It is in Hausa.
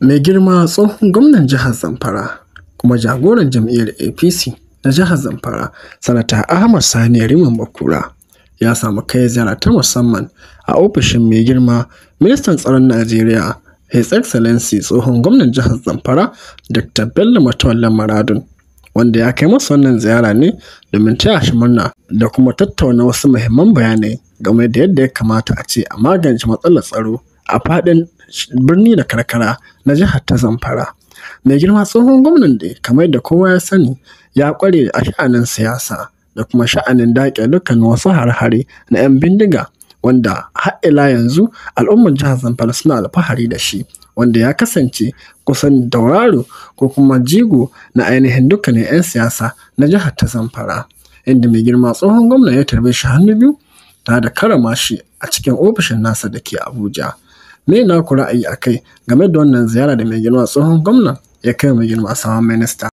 mai girma tsohon gwamnan jihar zamfara kuma jagoran jam'iyyar apc na jihar zamfara sanata ahmad sani riman bakura ya samu kai ziyara ta musamman a ofishin mai girma ministan tsaron najeriya his excellency tsohon gwamnan jihar zamfara dr bello matola maradun wanda ya kai masa wannan ziyara ne domin taya shi murna da kuma tattauna wasu muhimman bayanai game da yadda ya kamata a ce a magance matsalar tsaro a faɗin birni da karkara na jihar ta Zamfara. Mai girma tsohon gwamnan da kamar da kowa ya sani ya kware a sha'anin siyasa da kuma sha'anin daƙe dukkan wasu har-hare na 'yan bindiga wanda har ila yanzu al'ummar jihar Zamfara suna alfahari da shi wanda ya kasance kusan dauraro ko kuma jigo na ainihin dukkanin 'yan siyasa na jihar ta Zamfara. Inda mai girma tsohon gwamnan ya tarbe shi hannu biyu ta da karama shi a cikin ofishin nasa da ke Abuja. Me na ra'ayi a kai game da wannan ziyara da mai girma tsohon gwamna ya kai mai girma sabon minista?